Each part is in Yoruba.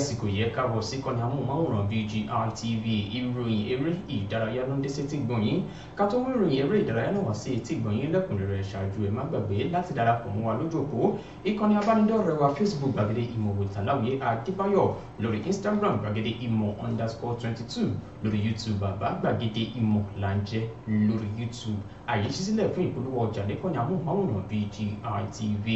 àsìkò yẹ káàbọ̀ sí kọ́ni amóhùnmáwòrán BGI TV ìròyìn eré ìdárayá ló ń dé sí etí gbọ̀nyìn ká tó mú ìròyìn eré ìdárayá náà wá sí etí gbọ̀nyìn lẹ́kùnrẹ́rẹ́ ṣáájú ẹ̀ má gbàgbé láti darapọ̀ mọ́ wa lójú òpó ìkànnì abánidọ́rẹ̀ẹ́ wa Facebook gbàgede ìmọ̀ wòtàláwìyé Adébáyọ̀ lórí Instagram gbàgede ìmọ̀ underscore twenty two lórí YouTube bàbá gbàgede ìmọ̀ là ń jẹ́ lórí YouTube àyè ṣí sílẹ̀ fún ìpolówó ọjà lẹ́kọ̀ọ́ ní amóhùnmáwòrán BGI TV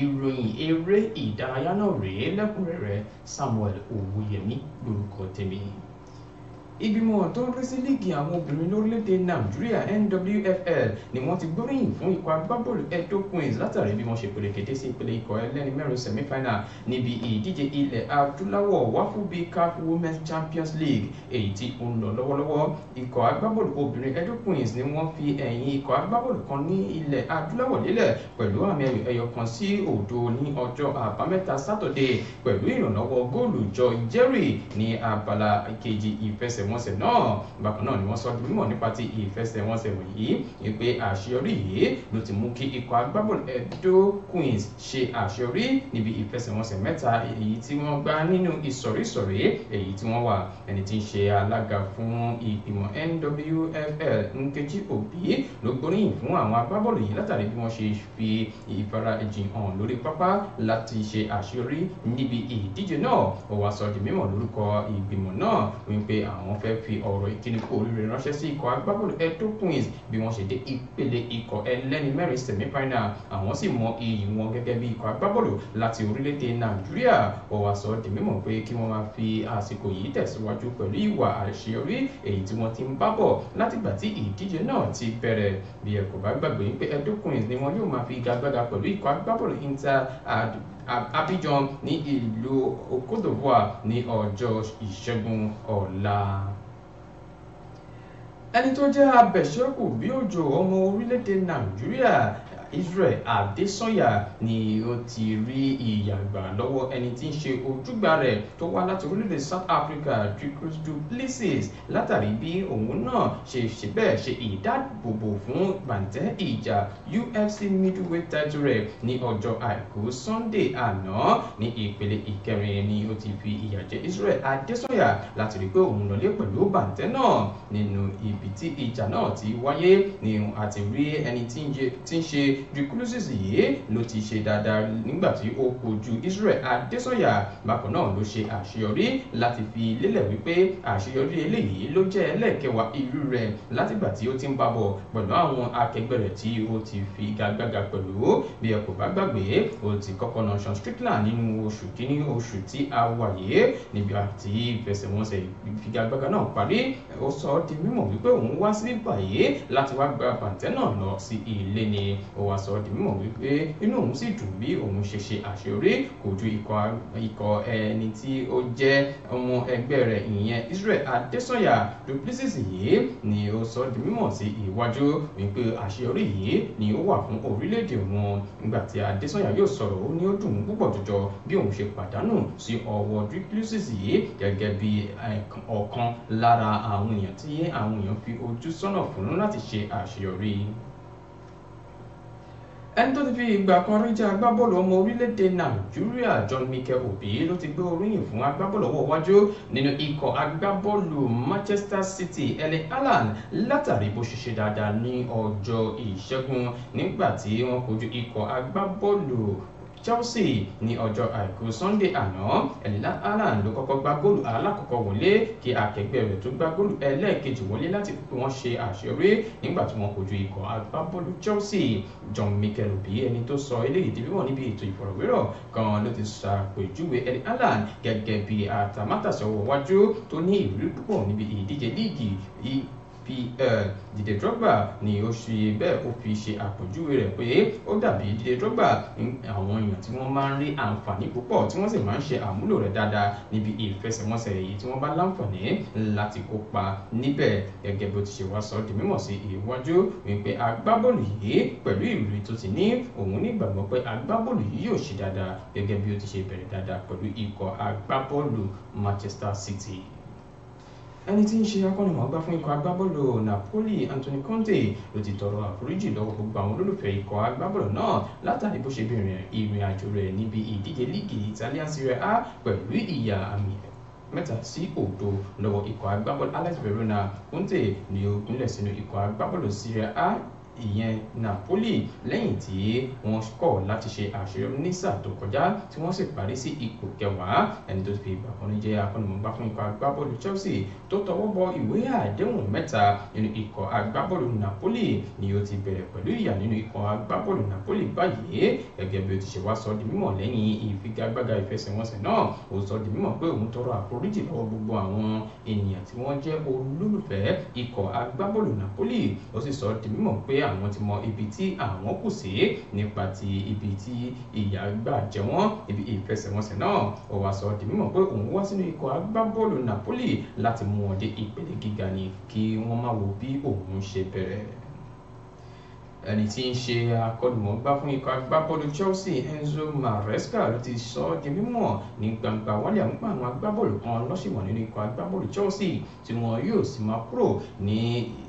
ìròyìn eré ìdárayá náà rèé lẹ́kùnrẹ́rẹ́ sam Samuel Owóyẹmí lórúkọ tèmi ìgbìmọ̀ tó ń rí sí líìgì àwọn obìnrin lórílẹ̀‐èdè nàìjíríà nwfl ni wọ́n ti gbóríyìn fún ikọ̀ agbábọ́ọ̀lù edo queens látàrí bí wọ́n ṣe pèlè kété sí ìpele ikọ̀ ẹlẹ́ni mẹ́rin semifinal níbi ìdíje ilẹ̀ adúláwọ̀ wafubi caf women's champions league èyí tí ó ń lọ lọ́wọ́lọ́wọ́ ikọ̀ agbábọ́ọ̀lù obìnrin edo queens ni wọ́n fi ẹ̀yìn ikọ̀ agbábọ́ọ̀lù kan ní ilẹ̀ adúláwọ̀ lélẹ̀ pẹ̀lú àmì ẹyọ kan sí òdo ní ọjọ́ àbámẹ́ta sátọ̀dẹ̀ joy jerry ní abala kejì ìfẹsẹ̀ ìfẹsẹ̀wọnsẹ̀ náà bákan náà ni wọ́n sọ di mímọ̀ nípa ti ìfẹsẹ̀wọnsẹ̀ wọ̀nyí wípé àṣeyọrí yìí ló ti mú kí ikọ̀ agbábọ́ọ̀lù Edo Queens ṣe àṣeyọrí níbi ìfẹsẹ̀wọnsẹ̀ mẹ́ta èyí tí wọ́n gbá nínú ìsọ̀rísọ̀rí èyí tí wọ́n wà ẹni tí ń ṣe alága fún ìgbìmọ̀ NWFL Nkechi Obi ló gbóríyìn fún àwọn agbábọ́ọ̀lù yìí látàrí bí wọ́n ṣe fi ìfarajìn hàn lórí pápá láti ṣe àṣeyọrí níbi ìdíje náà ó wá sọ di mímọ̀ lórúkọ ìgbìmọ̀ náà wípé àwọn wọ́n fẹ́ fi ọ̀rọ̀ ìkíni kú oríire ránṣẹ́ sí ikọ̀ agbábọ́ọ̀lù Edo Queens bí wọ́n ṣe dé ìpele ikọ̀ ẹlẹ́ni mẹ́rin semifinal àwọn sì mọ iyì wọn gẹ́gẹ́ bí ikọ̀ agbábọ́ọ̀lù láti orílẹ̀-èdè Nàìjíríà ó wá sọ di mímọ̀ pé kí wọ́n máa fi àsìkò yìí tẹ̀síwájú pẹ̀lú ìwà àṣeyọrí èyí tí wọ́n ti ń bá bọ̀ látìgbà tí ìdíje náà ti bẹ̀rẹ̀ bí ẹ bá gbàgbé pé Edo Queens ni wọ́n yóò máa fi igagbága pẹ̀lú ikọ̀ agbábọ́ọ̀lù Inter Abidjan ní ìlú Côte d'Ivoire ní ọjọ́ ìṣẹ́gun ọ̀la ẹni tó jẹ́ abẹ̀ṣẹ́kù bí òjò ọmọ orílẹ̀-èdè Nàìjíríà Israel Adesanya ni ó ti rí ìyà gbà lọ́wọ́ ẹni tí ń ṣe ojúgbà rẹ̀ tó wá láti orílẹ̀-èdè South Africa Dricus du Plessis látàrí bí òun náà ṣe ṣe bẹ́ẹ̀ ṣe ìdáàbòbò fún gbàǹtẹ́ ìjà UFC middleweight title rẹ̀ ní ọjọ́ àìkú Sunday àná ní ìpele ìkẹrin ni ó ti fi ìyà Israel Adesanya láti rí pé òun lọlé pẹ̀lú bàǹtẹ́ náà nínú ibi tí ìjà náà ti wáyé ni a ti rí ẹni tí ń ṣe Driculusis yìí ló ti ṣe dáadáa nígbà tí ó kojú Israel Adesanya bákan náà ló ṣe àṣeyọrí láti fi lélẹ̀ wípé àṣeyọrí eléyìí ló jẹ́ ẹlẹ́ẹ̀kẹwàá irú rẹ̀ látìgbà tí ó ti ń bábọ̀ pẹ̀lú àwọn akẹgbẹ́ rẹ̀ tí ó ti fi gagbága pẹ̀lú bí ẹ kò bá gbàgbé ó ti kọ́kọ́ na Sean Strickland nínú oṣù kínní oṣù tí a wà yìí níbi àti ìfẹsẹ̀wọnsẹ̀ ìfigagbága náà parí ó sọ ọ́ di mímọ̀ wípé òun wá sí báyìí láti wá gba pàǹtẹ́ náà lọ sí ilé ni ó wá wá sọ di mímọ̀ wípé inú òun sì dùn bí òun ṣe ṣe àṣeyọrí kò ju ikọ̀ ẹni tí ó jẹ́ ọmọ ẹgbẹ́ rẹ̀ ìyẹn Israel Adesanya Du Plessis yìí ni ó sọ di mímọ̀ sí iwájú wípé àṣeyọrí yìí ni ó wà fún orílẹ̀-èdè wọn nígbà tí Adesanya yóò sọ̀rọ̀ ó ní ó dùn púpọ̀ jọjọ bí òun ṣe pàdánù sí ọwọ́ Du yìí gẹ́gẹ́ bí ọ̀kan lára àwọn èèyàn tí àwọn èèyàn fi ojú sọ́nà fún láti ṣe àṣeyọrí ẹni tó ti fi ìgbà kan rí jẹ́ agbábọ́ọ̀lù ọmọ orílẹ̀-èdè nàìjíríà john mikel obi ló ti gbé oríyìn fún agbábọ́ọ̀lù ọwọ́ iwájú nínú ikọ̀ agbábọ́ọ̀lù manchester city erling haaland látàrí bó ṣe ṣe dáadáa ní ọjọ́ ìṣẹ́gun nígbà tí wọ́n kojú ikọ̀ agbábọ́ọ̀lù Chelsea ní ọjọ́ àìkú Sunday àná Erling Haaland ló kọ́kọ́ gbá góòlù alákọ̀ọ́kọ́ wọlé kí akẹgbẹ́ rẹ̀ tó gbá góòlù ẹlẹ́ẹ̀kejì wọlé láti pé wọ́n ṣe àṣeyọrí nígbà tí wọ́n kojú ikọ̀ agbábọ́ọ̀lù Chelsea John Michael Obi ẹni tó sọ eléyìí di mímọ̀ níbi ètò ìfọ̀rọ̀wérọ̀ kan ló ti ṣàpèjúwe Erling Haaland gẹ́gẹ́ bí àtàmátàsọ̀wọ́ wájú tó ní ìrírí púpọ̀ níbi ìdíje líìgì FPL Didier Drogba ni ó ṣe bẹ́ẹ̀ ó fi ṣe àpèjúwe rẹ̀ pé ó dàbí Didier Drogba àwọn èèyàn tí wọ́n máa ń rí àǹfààní púpọ̀ tí wọ́n sì máa ń ṣe àmúlò rẹ̀ dáadáa níbi ìfẹsẹ̀wọnsẹ̀ èyí tí wọ́n bá láǹfààní láti kópa níbẹ̀ gẹ́gẹ́ bó ti ṣe wá sọ di mímọ̀ sí iwájú wípé agbábọ́ọ̀lù yìí pẹ̀lú ìrírí tó ti ní òun nígbàgbọ́ pé agbábọ́ọ̀lù yìí yóò ṣe dáadáa gẹ́gẹ́ bí ó ti ṣe bẹ̀rẹ̀ dáadáa pẹ̀lú ikọ̀ agbábọ́ọ̀lù Manchester City ẹni tí ń ṣe akọ́nimọ̀ọ́gbá fún ikọ̀ agbábọ́ọ̀lù Napoli Anthony Conte ló ti tọrọ àforíjì lọ́wọ́ gbogbo àwọn olólùfẹ́ ikọ̀ agbábọ́ọ̀lù náà látàrí bó ṣe bẹ̀rẹ̀ ìrìn àjò rẹ̀ níbi ìdíje líìgì Italian Serie A pẹ̀lú ìyà àmì mẹ́ta sí òdo lọ́wọ́ ikọ̀ agbábọ́ọ̀lù Alex Verona Conte ni ó gúnlẹ̀ sínú ikọ̀ agbábọ́ọ̀lù Serie A ìyẹn Napoli lẹ́yìn tí wọ́n kọ̀ láti ṣe àṣeyọrí ní sáà tó kọjá tí wọ́n sì parí sí ipò kẹwàá ẹni tó fi ìgbà jẹ́ akọ́nimọ̀gbá fún ikọ̀ agbábọ́ọ̀lù Chelsea tó tọwọ́ bọ ìwé àdéhùn mẹ́ta nínú ikọ̀ agbábọ́ọ̀lù Napoli ni ó ti bẹ̀rẹ̀ pẹ̀lú ìyà nínú ikọ̀ agbábọ́ọ̀lù Napoli báyìí gẹ́gẹ́ bí ó ti ṣe wá sọ di mímọ̀ lẹ́yìn ìfigagbága ìfẹsẹ̀wọnsẹ̀ náà ó sọ di mímọ̀ pé òun tọrọ àforíjì lọ́wọ́ gbogbo àwọn àwọn ti mọ ibi tí àwọn kù sí nípa ti ibi tí ìyà gbà jẹ wọ́n ibi ìfẹsẹ̀wọnsẹ̀ náà ó wá sọ di mímọ̀ pé òun wá sínú ikọ̀ agbábọ́ọ̀lù Napoli láti mú wọn dé ìpele gíga ni kí wọ́n má wo bí òun ṣe bẹ̀rẹ̀ ẹni tí ń ṣe akọ́dùmọ̀gbá fún ikọ̀ agbábọ́ọ̀lù Chelsea Enzo Maresca ló ti sọ ọ́ di mímọ̀ ní gbangba wálé àmúpa àwọn agbábọ́ọ̀lù kan lọ́sìmọ̀ nínú ikọ̀ agbábọ́ọ̀lù Chelsea tí wọn yóò sì máa kúrò ní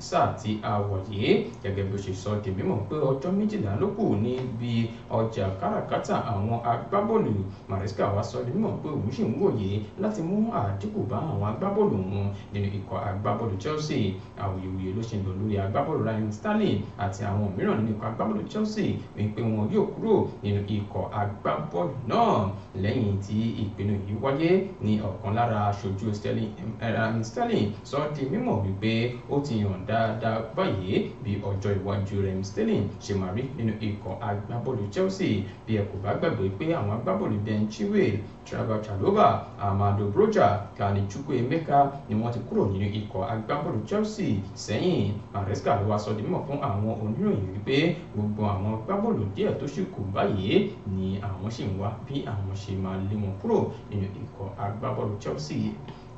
sáà tí a wọ̀ yìí gẹ́gẹ́ bí ó ṣe sọ ọ́ di mímọ̀ pé ọjọ́ méjìlá ló kù níbi ọjà káràkátà àwọn agbábọ́ọ̀lù Maresca wá sọ ọ́ di mímọ̀ pé òun ṣì ń wòye láti mú àdínkù bá àwọn agbábọ́ọ̀lù wọn nínú ikọ̀ agbábọ́ọ̀lù Chelsea àwòyèwòye ló ṣe lò lórí agbábọ́ọ̀lù Ryan Sterling àti àwọn mìíràn mìíràn ní ikọ̀ agbábọ́ọ̀lù Chelsea wípé wọn yóò kúrò nínú ikọ̀ agbábọ́ọ̀lù náà lẹ́yìn tí ìpinnu yìí wáyé ní ọ̀kan lára aṣojú eh, um, Sterling sọ di mímọ̀ wípé ó ti yàn dáadáa báyìí bí ọjọ́ iwájú Raheem Sterling ṣe máa rí nínú ikọ̀ agbábọ́ọ̀lù Chelsea bí ẹ kò bá gbàgbé pé àwọn agbábọ́ọ̀lù Ben Chilwell Trevor Chalobah Amado Broja Gani Chukwuemeka ni wọ́n ti kúrò nínú ikọ̀ agbábọ́ọ̀lù Chelsea sẹ́yìn Maresca ló wá sọ di mímọ̀ fún àwọn oníròyìn wípé gbogbo àwọn agbábọ́ọ̀lù díẹ̀ tó sì kù báyìí ni àwọn sì ń wá bí àwọn ṣe máa lé wọn kúrò nínú ikọ̀ agbábọ́ọ̀lù Chelsea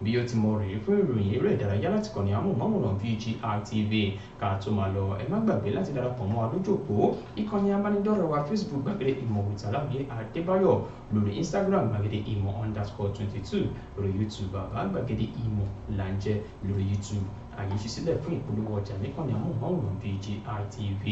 bí ó ti mọ rèé fún ìròyìn eré ìdárayá láti kàn ní amóhùnmáwòrán BGI TV ká tó máa lọ ẹ má gbàgbé láti darapọ̀ mọ́ àlójòpó ìkànnì amánidọ́rẹ̀ wa Facebook gbàgede ìmọ̀ òtàláwìyé Adébáyọ̀ lórí Instagram gbàgede ìmọ̀ underscore twenty two lórí YouTube bàbá gbàgede ìmọ̀ làǹjẹ́ lórí YouTube àyè ṣí sílẹ̀ fún ìpolówó ọjà níkànnì amóhùnmáwòrán BGI TV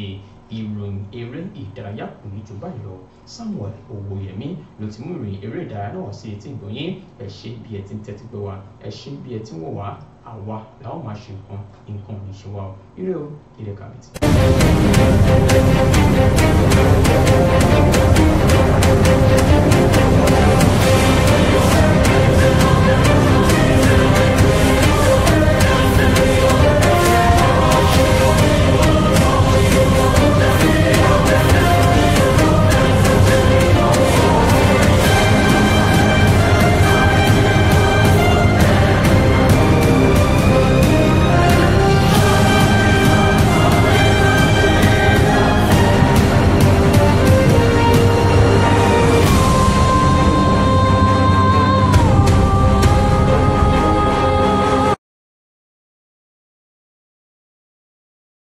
ìròyìn eré ìdárayá kò ní jù báyìí lọ Samuel Owóyẹmí ló ti mú ìròyìn eré ìdárayá náà sí etí ìgbọ̀nyín ẹ ṣé bí ẹ ti ń tẹ́tí gbọ́ wa ẹ ṣé bí ẹ ti ń wò wá àwa làwọn máa ṣe nǹkan nǹkan ò ní ṣe wa o ire o ire kàbìtì.